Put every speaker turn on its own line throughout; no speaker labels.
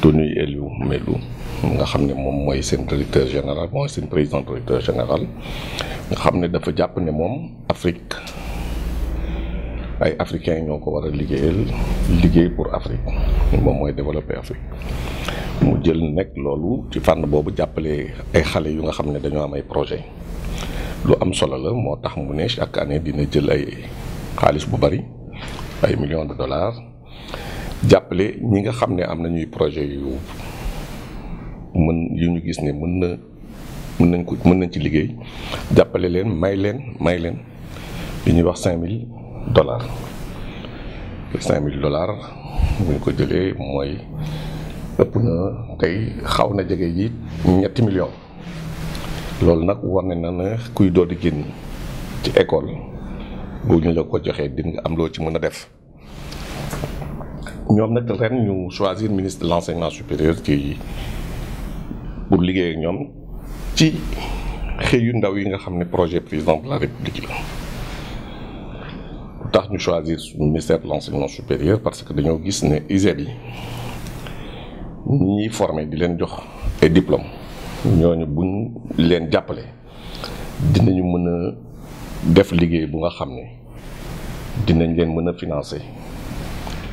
Tony Eliou Melou nga xam ne moom mooy seen directeur général mooy seen président directeur général nga xam ne dafa jàpp ne moom Afrique ay africains ñoo ko war a liggéey pour Afrique moom mooy développer Afrique mu jël nekk loolu ci fànn boobu jàppale ay xale yu nga xam ne dañoo am ay projet lu am solo la moo tax mu ne chaque année dina jël ay xaalis bu bari ay millions de dollars jàppale ñi nga xam ne am nañuy projet yu mën yu ñu gis ne mën na mën nañ ko mën nañ ci liggéey jàppale leen may leen may leen yu ñuy wax cinq mille dollars cinq mille dollars bu ñu ko jëlee mooy ëpp na tey xaw na jege ji ñetti millions loolu nag war ne na na kuy doon di génn ci école bu ñu la ko joxee di nga am loo ci mën a def Nous avons choisi le ministre de l'enseignement supérieur qui pour liggéey avec nous ci xëyu ndaw yi nga projet président de la république Nous avons choisi le ministère de l'enseignement supérieur parce que nous gis ne ISEP yi avons formé di diplômes. jox avons diplôme ñooñu buñ leen dinañu def liggéey bu nga financer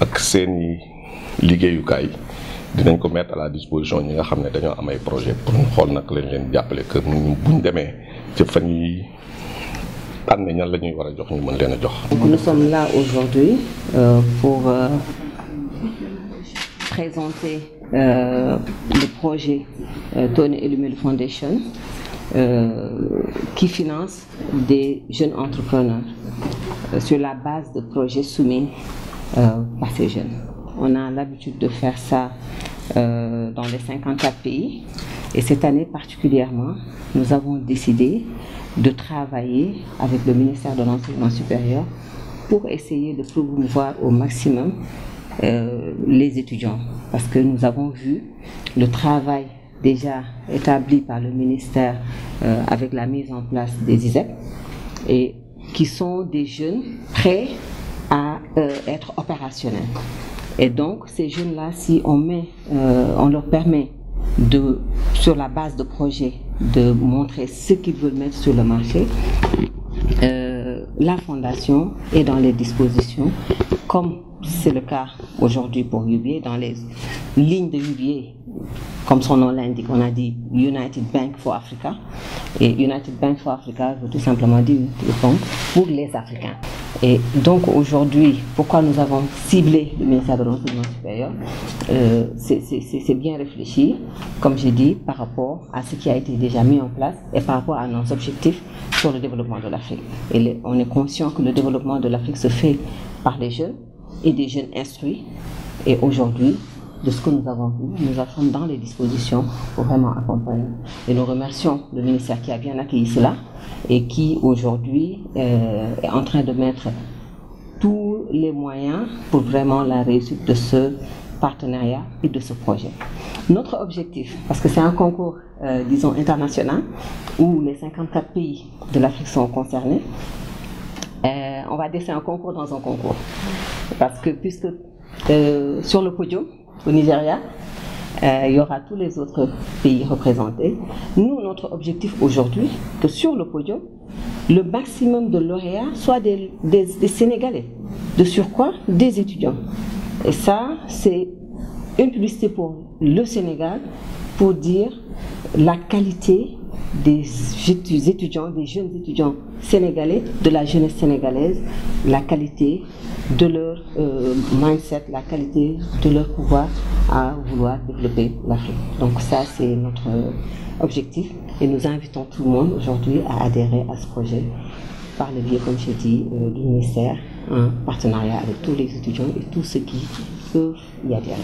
ak seeni liggéeyukaay dinañ ko mettre à la disposition ñi nga xam ne am ay projet pour ñu xool nag lañ leen jappalé que ñu buñ démé ci fan yi tànn ñan lañuy wara jox ñu mën leen jox.
nous sommes là aujourd'hui
euh, pour euh,
présenter euh,
le projet
euh, Tony Elumelu Foundation euh, qui finance des jeunes entrepreneurs euh, sur la base de projets soumis par euh, ces jeunes. On a l'habitude de faire ça euh, dans les 54 pays. Et cette année particulièrement, nous avons décidé de travailler avec le ministère de l'Enseignement supérieur pour essayer de promouvoir au maximum euh, les étudiants. Parce que nous avons vu le travail déjà établi par le ministère avec la mise en place des ISEP et qui sont des jeunes prêts à euh, être opérationnel. Et donc, ces jeunes-là, si on, met, euh, on leur permet de, sur la base de projets, de montrer ce qu'ils veulent mettre sur le marché, euh, la fondation est dans les dispositions, comme c'est le cas aujourd'hui pour Ubier, dans les lignes de UBA comme son nom l'indique, on a dit United Bank for Africa. Et United Bank for Africa veut tout simplement dire pour les Africains. Et donc aujourd'hui, pourquoi nous avons ciblé le ministère de l'enseignement supérieur euh, C'est bien réfléchi, comme j'ai dit, par rapport à ce qui a été déjà mis en place et par rapport à nos objectifs sur le développement de l'Afrique. Et on est conscient que le développement de l'Afrique se fait par les jeunes et des jeunes instruits. Et aujourd'hui, de ce que nous avons vu, nous en sommes dans les dispositions pour vraiment accompagner. Et nous remercions le ministère qui a bien accueilli cela et qui aujourd'hui euh, est en train de mettre tous les moyens pour vraiment la réussite de ce partenariat et de ce projet. Notre objectif, parce que c'est un concours, euh, disons, international, où les 54 pays de l'Afrique sont concernés, euh, on va laisser un concours dans un concours. Parce que puisque sur le podium, au Nigeria. Euh, il y aura tous les autres pays représentés. Nous, notre objectif aujourd'hui, que sur le podium, le maximum de lauréats soit des, des Sénégalais, de surcroît des étudiants. Et ça, c'est une publicité pour le Sénégal, pour dire la qualité des étudiants, des jeunes étudiants sénégalais, de la jeunesse sénégalaise, la qualité de leur euh, mindset, la qualité de leur pouvoir à vouloir développer l'Afrique. Donc ça, c'est notre objectif et nous invitons tout le monde aujourd'hui à adhérer à ce projet par le biais, comme j'ai dit, euh, du ministère, en partenariat avec tous les étudiants et tous ceux qui peuvent y adhérer.